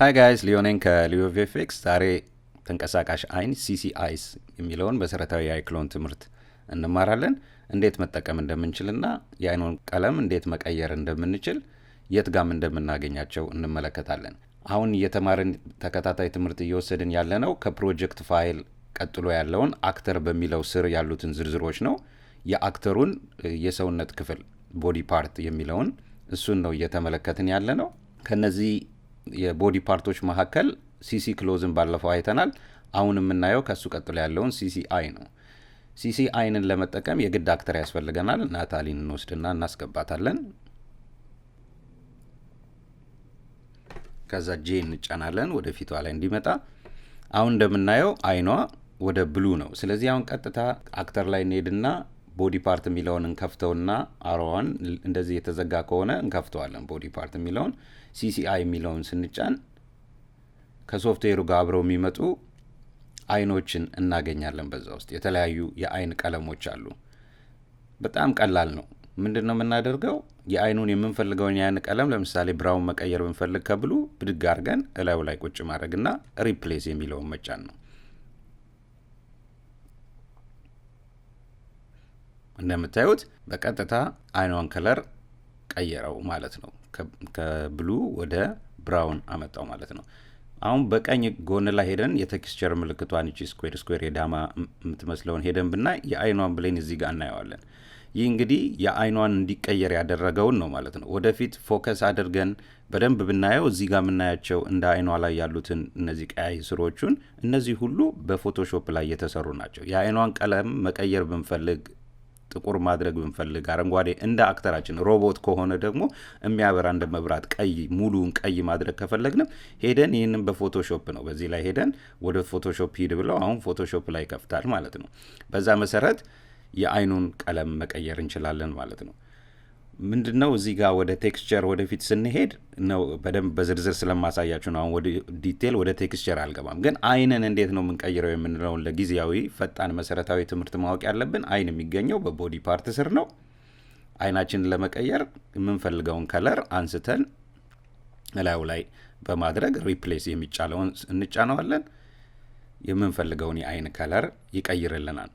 ሀይ ጋይስ ሊዮኔን ከሊዮ ቪኤፍኤክስ ዛሬ ተንቀሳቃሽ አይን ሲሲአይስ የሚለውን መሰረታዊ የአይክሎን ትምህርት እንማራለን። እንዴት መጠቀም እንደምንችልና የአይኑን ቀለም እንዴት መቀየር እንደምንችል የት ጋም እንደምናገኛቸው እንመለከታለን። አሁን እየተማርን ተከታታይ ትምህርት እየወሰድን ያለነው ከፕሮጀክት ፋይል ቀጥሎ ያለውን አክተር በሚለው ስር ያሉትን ዝርዝሮች ነው። የአክተሩን የሰውነት ክፍል ቦዲ ፓርት የሚለውን እሱን ነው እየተመለከትን ያለ ነው። ከነዚህ የቦዲ ፓርቶች መካከል ሲሲ ክሎዝን ባለፈው አይተናል። አሁን የምናየው ከእሱ ቀጥሎ ያለውን ሲሲ አይ ነው። ሲሲ አይንን ለመጠቀም የግድ አክተር ያስፈልገናል። ናታሊን እንወስድና እናስገባታለን። ከዛ ጄ እንጫናለን ወደ ፊቷ ላይ እንዲመጣ። አሁን እንደምናየው አይኗ ወደ ብሉ ነው። ስለዚህ አሁን ቀጥታ አክተር ላይ እንሄድና ቦዲ ፓርት የሚለውን እንከፍተውና አሮዋን እንደዚህ የተዘጋ ከሆነ እንከፍተዋለን። ቦዲ ፓርት የሚለውን ሲሲአይ የሚለውን ስንጫን ከሶፍትዌሩ ጋር አብረው የሚመጡ አይኖችን እናገኛለን። በዛ ውስጥ የተለያዩ የአይን ቀለሞች አሉ። በጣም ቀላል ነው። ምንድን ነው የምናደርገው? የአይኑን የምንፈልገውን የአይን ቀለም ለምሳሌ ብራውን መቀየር ብንፈልግ ከብሉ ብድግ አድርገን እላዩ ላይ ቁጭ ማድረግና ሪፕሌስ የሚለውን መጫን ነው። እንደምታዩት በቀጥታ አይኗን ከለር ቀየረው ማለት ነው። ከብሉ ወደ ብራውን አመጣው ማለት ነው። አሁን በቀኝ ጎን ላይ ሄደን የቴክስቸር ምልክቷን እቺ ስኩዌር ስኩዌር የዳማ የምትመስለውን ሄደን ብና የአይኗን ብሌን እዚህ ጋር እናየዋለን። ይህ እንግዲህ የአይኗን እንዲቀየር ያደረገውን ነው ማለት ነው። ወደፊት ፎከስ አድርገን በደንብ ብናየው እዚህ ጋር የምናያቸው እንደ አይኗ ላይ ያሉትን እነዚህ ቀያይ ስሮቹን እነዚህ ሁሉ በፎቶሾፕ ላይ የተሰሩ ናቸው። የአይኗን ቀለም መቀየር ብንፈልግ ጥቁር ማድረግ ብንፈልግ አረንጓዴ፣ እንደ አክተራችን ሮቦት ከሆነ ደግሞ የሚያበራ እንደ መብራት ቀይ፣ ሙሉውን ቀይ ማድረግ ከፈለግንም ሄደን ይህንን በፎቶሾፕ ነው። በዚህ ላይ ሄደን ወደ ፎቶሾፕ ሂድ ብለው አሁን ፎቶሾፕ ላይ ይከፍታል ማለት ነው። በዛ መሰረት የአይኑን ቀለም መቀየር እንችላለን ማለት ነው። ምንድን ነው እዚህ ጋር ወደ ቴክስቸር ወደፊት ስንሄድ ነው በደንብ በዝርዝር ስለማሳያችሁ ነው። አሁን ወደ ዲቴል ወደ ቴክስቸር አልገባም፣ ግን አይንን እንዴት ነው የምንቀይረው የምንለውን ለጊዜያዊ ፈጣን መሰረታዊ ትምህርት ማወቅ ያለብን። አይን የሚገኘው በቦዲ ፓርት ስር ነው። አይናችንን ለመቀየር የምንፈልገውን ከለር አንስተን እላዩ ላይ በማድረግ ሪፕሌስ የሚጫለውን እንጫነዋለን። የምንፈልገውን የአይን ከለር ይቀይርልናል።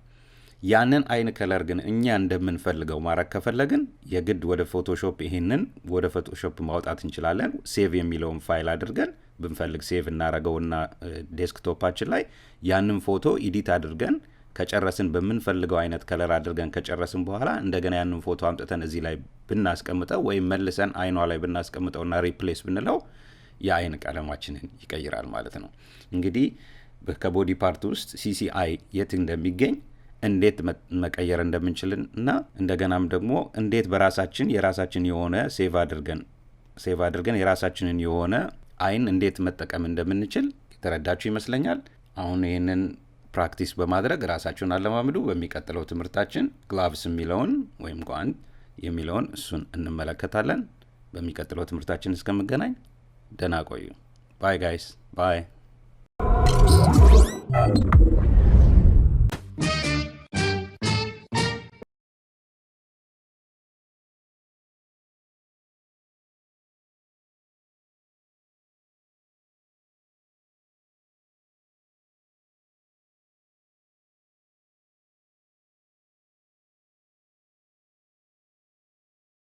ያንን አይን ከለር ግን እኛ እንደምንፈልገው ማድረግ ከፈለግን የግድ ወደ ፎቶሾፕ ይሄንን ወደ ፎቶሾፕ ማውጣት እንችላለን። ሴቭ የሚለውን ፋይል አድርገን ብንፈልግ ሴቭ እናረገውና ዴስክቶፓችን ላይ ያንን ፎቶ ኢዲት አድርገን ከጨረስን በምንፈልገው አይነት ከለር አድርገን ከጨረስን በኋላ እንደገና ያንን ፎቶ አምጥተን እዚህ ላይ ብናስቀምጠው ወይም መልሰን አይኗ ላይ ብናስቀምጠውና ሪፕሌስ ብንለው የአይን ቀለማችንን ይቀይራል ማለት ነው። እንግዲህ ከቦዲ ፓርት ውስጥ ሲሲአይ የት እንደሚገኝ እንዴት መቀየር እንደምንችልን እና እንደገናም ደግሞ እንዴት በራሳችን የራሳችን የሆነ ሴቭ አድርገን ሴቭ አድርገን የራሳችንን የሆነ አይን እንዴት መጠቀም እንደምንችል የተረዳችሁ ይመስለኛል። አሁን ይህንን ፕራክቲስ በማድረግ ራሳችሁን አለማምዱ። በሚቀጥለው ትምህርታችን ግላቭስ የሚለውን ወይም ጓንት የሚለውን እሱን እንመለከታለን። በሚቀጥለው ትምህርታችን እስከምገናኝ ደህና ቆዩ። ባይ ጋይስ ባይ